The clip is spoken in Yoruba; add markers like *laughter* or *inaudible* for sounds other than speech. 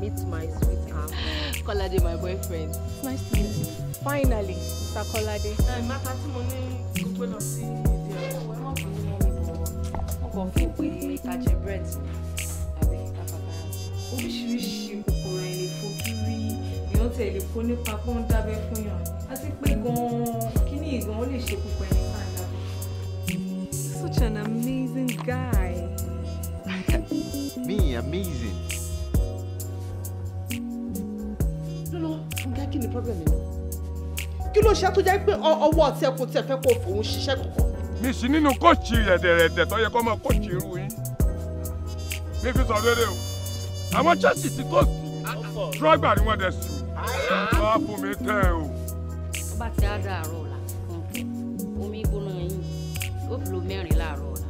meet my sweetheart. Kolade, my boyfriend. It's nice to meet you. Finally, Mr. Kolade. Eh, ẹ máta ń dábẹ́ fún yàn. Àti pé gan-an kíní ìgan ó lè ṣekú pa ẹni máa dábẹ́. Such an amazing guy. *laughs* Me, amazing. kí ni problem náà kí ló ṣe tó jẹ́ pé ọwọ́ ọtí ẹkùn tẹ fẹ́ kó fòun ṣiṣẹ́ kankan. mi sì nínú kóòtù rẹ̀dẹ̀rẹ̀dẹ̀ tó yẹ kó máa kóòtù irú yín mi fi sọ rere o àwọn chelsea ti tó sí drogba ni wọ́n dẹ̀ sí wọ́n á fún mi tẹ́ ẹ o. tó ti á dàárọ̀ ọ̀la omi gbóná yín ó fi lo mẹ́rin láàárọ̀ ọ̀la.